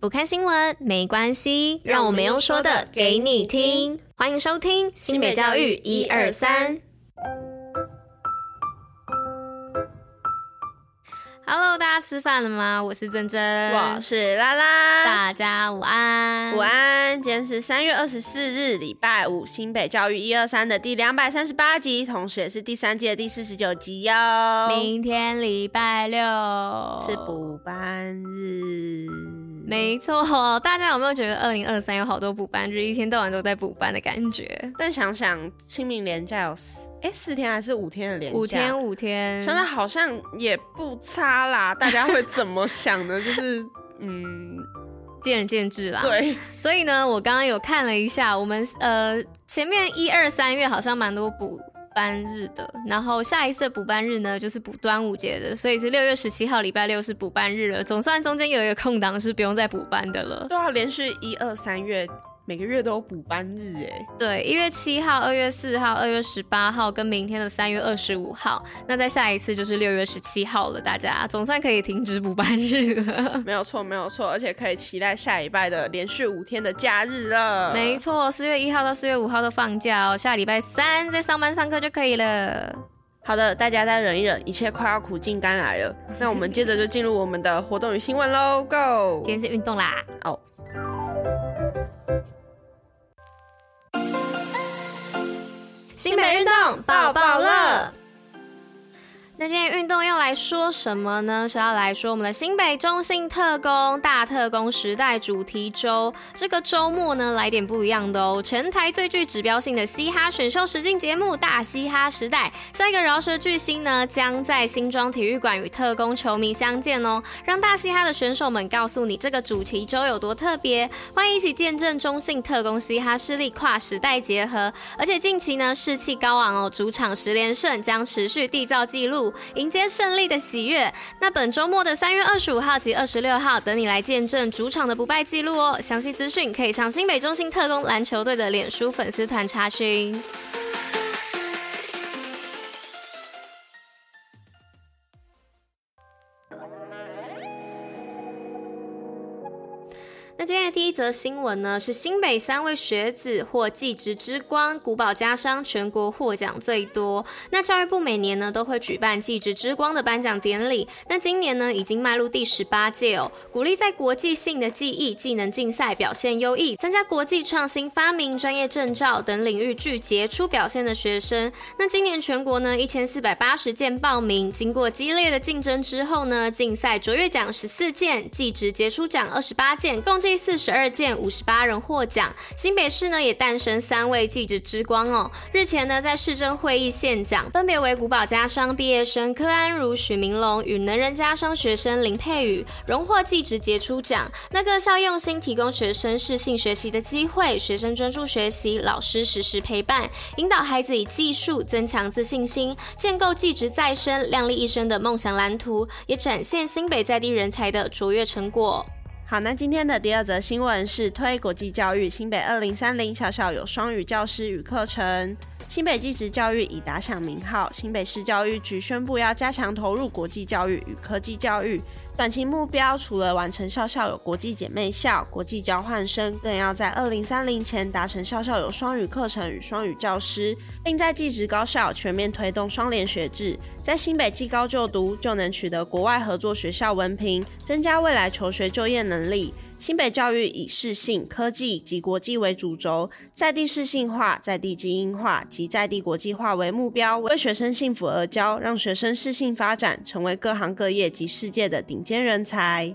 不看新聞沒關係，讓我沒用說的給你聽。歡迎收聽新北教育一二三。Hello，大家吃飯了嗎？我是珍珍，我是拉拉，大家午安午安。今天是三月二十四日，禮拜五，新北教育一二三的第兩百三十八集，同時也是第三季的第四十九集喲、哦。明天禮拜六是補班日。沒錯，大家有沒有覺得二零二三有好多補班日，一天到晚都在補班的感覺？但想想清明連假有四哎、欸、四天還是五天的連假，五天五天，現在好像也不差啦。大家會怎麼想呢？ 就是嗯，見仁見智啦。對，所以呢，我剛剛有看了一下，我們呃前面一二三月好像蠻多補。班日的，然後下一次的補班日呢，就是補端午節的，所以是六月十七號，禮拜六是補班日了。總算中間有一個空檔是不用再補班的了。都要連續一二三月。每個月都有補班日哎，對，一月七號、二月四號、二月十八號跟明天的三月二十五號，那再下一次就是六月十七號了。大家總算可以停止補班日了， 沒有錯，沒有錯，而且可以期待下禮拜的連續五天的假日了。沒錯，四月一號到四月五號都放假哦，下禮拜三再上班上課就可以了。好的，大家再忍一忍，一切快要苦盡甘來了。那我們接着就進入我們的活動與新聞嘍 ，Go！今天是運動啦，哦。新北運動報報樂。那今天運動要來說什麼呢？是要來說我們的新北中信特攻大特攻時代主題週。這個週末呢，來點不一樣的哦！全台最具指標性的嘻哈選秀實境節目《大嘻哈時代》，下一個饒舌巨星呢，將在新莊體育館與特攻球迷相見哦。讓大嘻哈的選手們告訴你這個主題週有多特別。歡迎一起見證中信特攻嘻哈勢力跨時代結合，而且近期呢，士氣高昂哦，主場十連勝將持續締造紀錄。迎接勝利的喜悅。那本週末的三月二十五號及二十六號，等你來見證主場的不敗記錄哦。詳細資訊可以上新北中信特攻籃球隊的臉書粉絲團查詢。那今天的第一則新聞呢，是新北三位學子獲“技職之光”穀保家商全國獲獎最多。那教育部每年呢都會舉辦“技職之光”的頒獎典禮，那今年呢已經邁入第十八屆哦，鼓勵在國際性的技藝技能競賽表現優異，參加國際創新發明、專業證照等領域具傑出表現的學生。那今年全國呢一千四百八十件報名，經過激烈的競爭之後呢，競賽卓越獎十四件，技職傑出獎二十八件，共計，第四十二屆，五十八人獲獎，新北市呢也誕生三位技職之光哦。日前呢在市政會議獻獎，分別為穀保家商畢業生柯安如許龍、許明龍與能仁家商學生林佩宇，榮獲技職傑出獎。那各校用心提供學生適性學習的機會，學生專注學習，老師時時陪伴，引導孩子以技術增強自信心，建構技職再升亮麗一生的夢想藍圖，也展現新北在地人才的卓越成果，哦。好，那今天的第二則新聞是推國際教育，新北二零三零校校有雙語教師與課程，新北技職教育已打響名號。新北市教育局宣布要加強投入國際教育與科技教育，短期目標除了完成校校有國際姐妹校、國際交換生，更要在二零三零前達成校校有雙語課程與雙語教師，並在技職高校全面推動雙聯學制，在新北技高就讀就能取得國外合作學校文憑，增加未來求學就業能能力。新北教育以適性、科技及國際為主軸，在地適性化、在地精英化及在地國際化為目標，為學生幸福而教，讓學生適性發展，成為各行各業及世界的頂尖人才。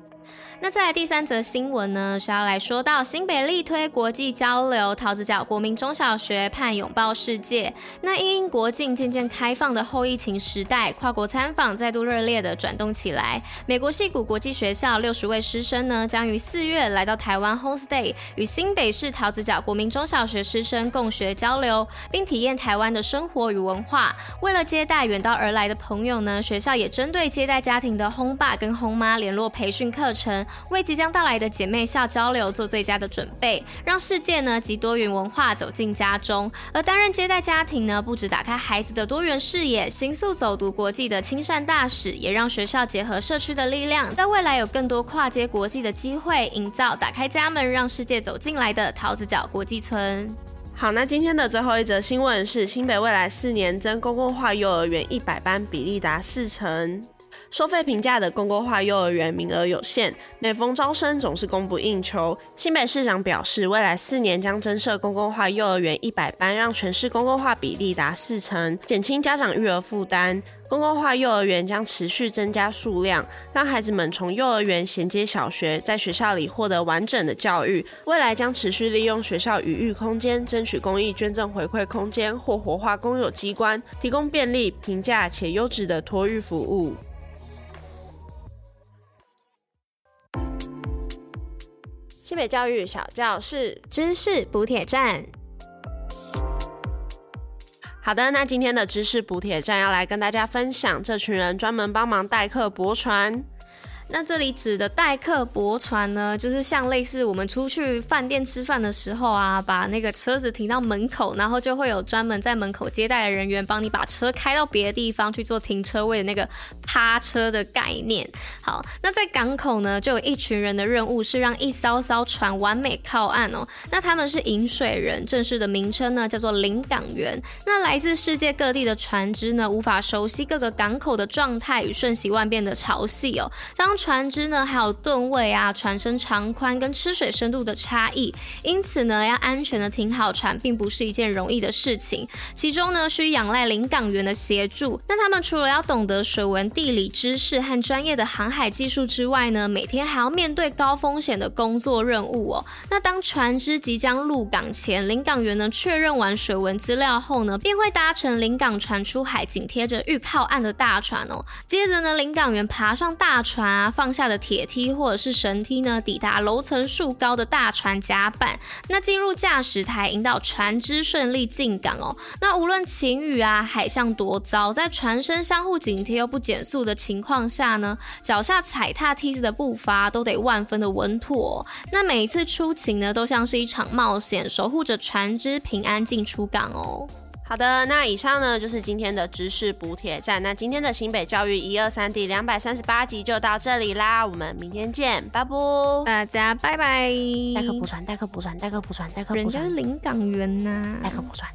那再來第三則新聞呢，是要來說到新北力推國際交流，桃子腳國民中小學盼擁抱世界。那因，因國境漸漸開放的後疫情時代，跨國參訪再度熱烈地轉動起來。美國西谷國際學校六十位師生呢，將於四月來到台灣 home stay，與新北市桃子腳國民中小學師生共學交流，並體驗台灣的生活與文化。為了接待遠道而來的朋友呢，學校也針對接待家庭的 home 爸跟 home 媽聯絡培訓課程。為即將到來的姐妹校交流做最佳的準備，讓世界呢及多元文化走進家中。而擔任接待家庭呢，不止打開孩子的多元視野，行速走讀國際的親善大使，也讓學校結合社區的力量，在未來有更多跨界國際的機會，營造打開家門，讓世界走進來的桃子腳國際村。好，那今天的最後一則新聞是新北未來四年增公共化幼兒園一百班，比例達四成。收費平價的公共化幼兒園名額有限，每逢招生總是供不應求。新北市長表示，未來四年將增設公共化幼兒園一百班，讓全市公共化比例達四成，減輕家長育兒負擔。公共化幼兒園將持續增加數量，讓孩子們從幼兒園銜接小學，在學校裡獲得完整的教育。未來將持續利用學校餘裕空間，爭取公益捐贈回饋空間或活化公有機關，提供便利、平價且優質的托育服務。新北教育小教室知識補帖站。好的，那今天的知識補帖站要來跟大家分享，這群人專門幫忙代客泊船。那這裡指的代客泊船呢，就是像類似我們出去飯店吃飯的時候啊，把那個車子停到門口，然後就會有專門在門口接待的人員幫你把車開到別的地方去做停車位的那個趴車的概念。好，那在港口呢，就有一群人的任務是讓一艘艘船完美靠岸哦。那他們是引水人，正式的名稱呢叫做領港員。那來自世界各地的船只呢，無法熟悉各個港口的狀態與瞬息萬變的潮汐哦，當船隻呢，還有噸位啊、船身長寬跟吃水深度的差異，因此呢，要安全的停好船，並不是一件容易的事情。其中呢，需仰賴領港員的協助。那他們除了要懂得水文地理知識和專業的航海技術之外呢，每天還要面對高風險的工作任務哦。那當船隻即將入港前，領港員呢確認完水文資料後呢，便會搭乘領港船出海，緊貼着欲靠岸的大船哦。接着呢，領港員爬上大船啊。放下的鐵梯或者是繩梯呢，抵達樓層數高的大船甲板，那進入駕駛台，引導船隻順利進港哦。那無論晴雨啊，海象多糟，在船身相互緊貼又不減速的情況下呢，腳下踩踏梯子的步伐都得萬分的穩妥哦。那每一次出勤呢，都像是一場冒險，守護着船隻平安進出港哦。好的，那以上呢，就是今天的知識補帖站。那今天的新北教育一二三第兩百三十八集就到這裡啦，我們明天見，拜拜，大家拜拜。代客泊船，代客泊船，代客泊船，代客泊人家是領港員吶，代客泊船。